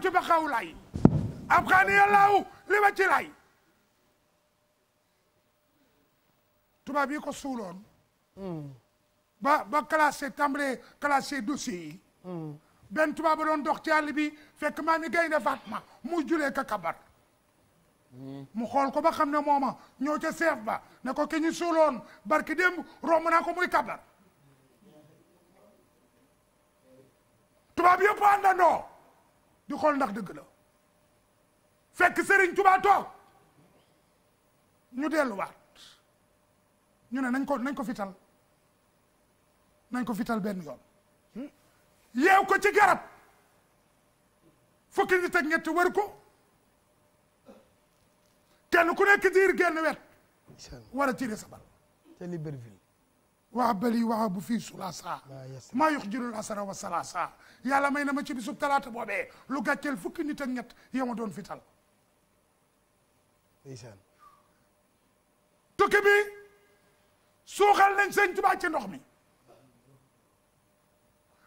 ci ba xaw lay ab xaani li ma ci lay tubaab yi ko suuloon ba ba classé tàmbalee classé dossier yi benn tubaab ba doon dox ci àll bi fekk maa ni gaynde Fatma mu julee ka kabar mu xool ko ba xam ne mooma ñoo ca seef ba ne ko ki ñu suuloon barki démb romb naa ko muy kabar tubaab yëpp àndandoo di xool ndax dëgg la fekk Serigne Touba ñu delluwaat ñu ne nañ ko nañ ko fital nañ ko fital benn yoon yeew ko ci garab fukki nit ak ñetti wër ko kenn ku nekk diir genn wet war tiire sa waa bali waa bu fii sulasa maa yox jirul asara wa salasa yàlla may na ma ci bisub talaata boobee lu gàcceel fukki nit ak ñett yow ma doon fital ndeysaan tukki bi suuxal nañ sëñ Tuubaa ci ndox mi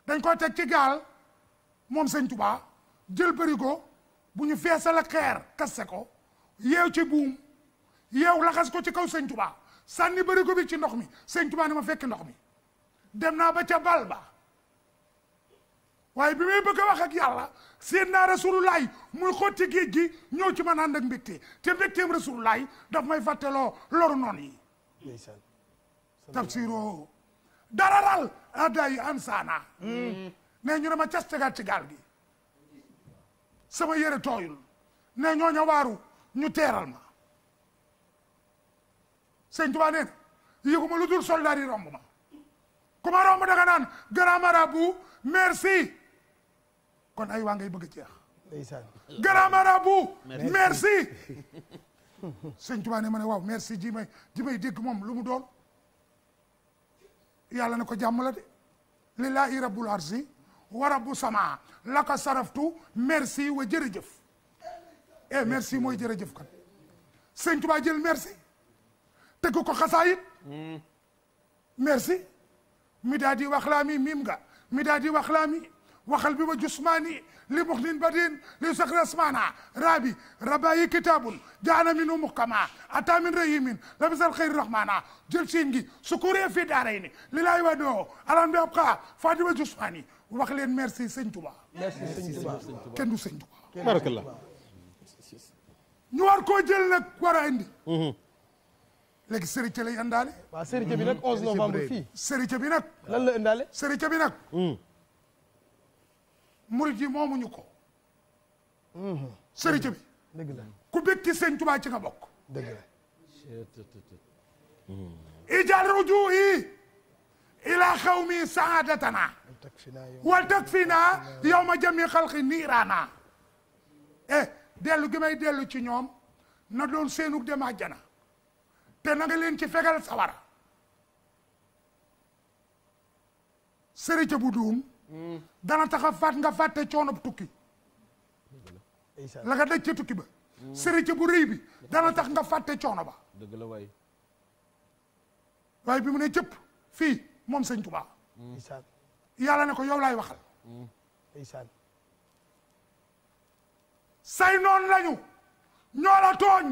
dañ koy teg ci gaal moom sëñ Tuubaa jël barigo bu ñu feesal ak xeer kasse ko yeew ci buum yeew laxas ko ci kaw sëñ Tuubaa sànni bari bi ci ndox mi sëñ Tuubaa ne ma fekk ndox mi dem naa ba ca bal ba waaye bi may bëgg a wax ak yàlla seen naa rasulullaay muy xotti géej gi ñëw ci ma naan ak mbégte te mbégteem rasulullaay daf may fàtteloo loru noon yi tafsiroo dara daal aday ansaana ne ñu ne ma cas ci gaal gi sama yére tooyul ne ñooña waaru ñu teeral ma sëñ Tuubaa nee na yëguma lu dul soldat yi romb ma ku romb danga naan grand marabout merci kon ay waa ngay bëgg a jeex ndeysaan grand marabout merci sëñ Tuubaa ne ma ne waaw merci ji may ji may moom lu mu doon yàlla na ko jàmm la de lillahi rabbul arsi wa rabbu sama laka saraftu merci wa jërëjëf eh merci mooy jërëjëf kan sëñ Tuubaa jël merci tegu ko xasaayit mm. merci mi daa di mim nga mi daa di waxlaami waxal wa jusmaani li muxnin badin li sakra asmana rabi rabayi kitabun jaana minu muhkama ata min rahimin labisal xeyr rahmana jël siin gi sukure fi daaray ni wa doo alam bi abqa fadi wa jusmaani wax leen merci sëñ Tuba barakallah ñu war koo jël nag war léegi sërite lay indaale. waaw sërite bi nag 11 mm. novembre fii. sërite bi nag. lan la indaale. sërite bi nag. Mm. murid moomuñu ko. Mm-hmm. sërite bi. dëgg la ku bëgg ci sëñ Tuubaa ci nga bokk. dëgg la. Mm. ijaal rujuu yi. ila xawmi saadatana. wal takfina yawma jami xalqi niiraana. eh dellu gi may dellu ci ñoom na doon seenug dem àjjana. te na nga leen ci fegal sawara sërëjë bu duum dana taxa faat nga fàtte coonob tukki la nga daj ca tukki ba sërëjë bu rëy bi dana tax nga fàtte coono ba dëgg la waaye bi mu ne cëpp fii moom sëñ Tuubaa yàlla ne ko yow laay waxal say noon lañu ñoo tooñ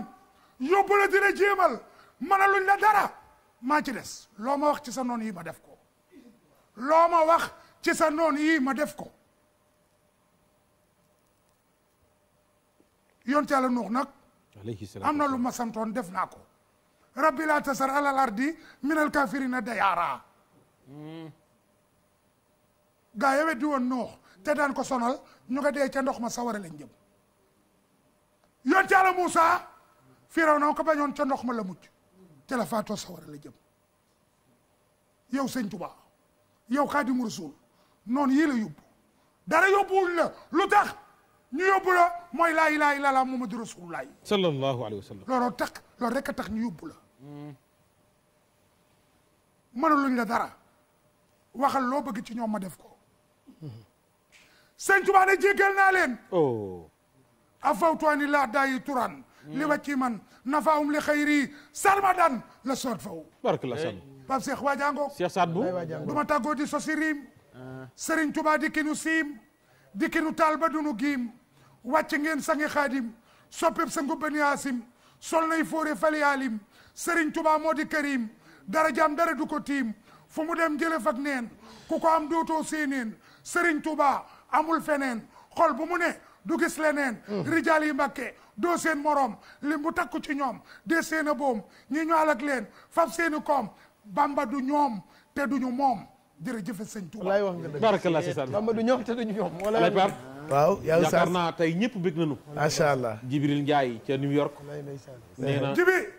yóbbu la dina jéemal mënaluñ la dara maa ci des loo ma wax ci sa noon yi ma def ko loo ma wax ci sa noon yi ma def ko yonent Yàlla Nuux nag am na lu ma santoon def naa ko rabbi laa tasar alal ardi minal kaafirina dayaaraa gaa yewet di woon Nuux te daan ko sonal ñu nga dee ca ndox ma sawara lañ jëm yonent Yàlla Muusa Firawna ko bañoon ca ndox ma la mujj ca la faatoo sawara la jëm yow sëñ Tuubaa yow Xaadimu Rasuul noonu yii la yóbbu dara yóbbuwuñ la lu tax ñu yóbbu la mooy laa ilaaha illallaah Muhammadu Rasuulullaah sallallaahu alayhi wa sallam looloo tax loolu rek a tax ñu yóbbu la mënaluñ la dara waxal loo bëgg ci ñoo ma def ko sëñ Tuubaa ne jéggal naa leen oh. afawtu anil a'daa'i turan li wa ci man nafaahum li xayri sarmadan la soot faw barkallah san Pape Cheikh waajango Cheikh Sadbou du ma tàggoo di sosi riim ah. Serigne Touba dikki nu siim dikki nu taal ba dunu giim wàcc ngeen sangi xaadim soppeb sa ngubbani yaasim sol nay fóore fali yaalim Serigne Touba moo di karim dara jaam dara du ko tiim fu mu dem jële fak neen ku ko am dootoo séeneen Serigne Touba amul feneen xol bu mu ne du gis leneen mm. rijaal yi mbàkke doo seen moroom lim bu takku ci ñoom dee seen a boom ñi ñoo alak leen fab seeni koom bamba du ñoom te duñu moom jërëjëf sëñ Tuuba wallaay wax nga dëgg barakallah si saan bamba du ñoom te duñu ñoom wala Pape waaw yàlla yaakaar naa tey ñëpp bég nañu macha allah Jibril Njaay ca New York nee na jibi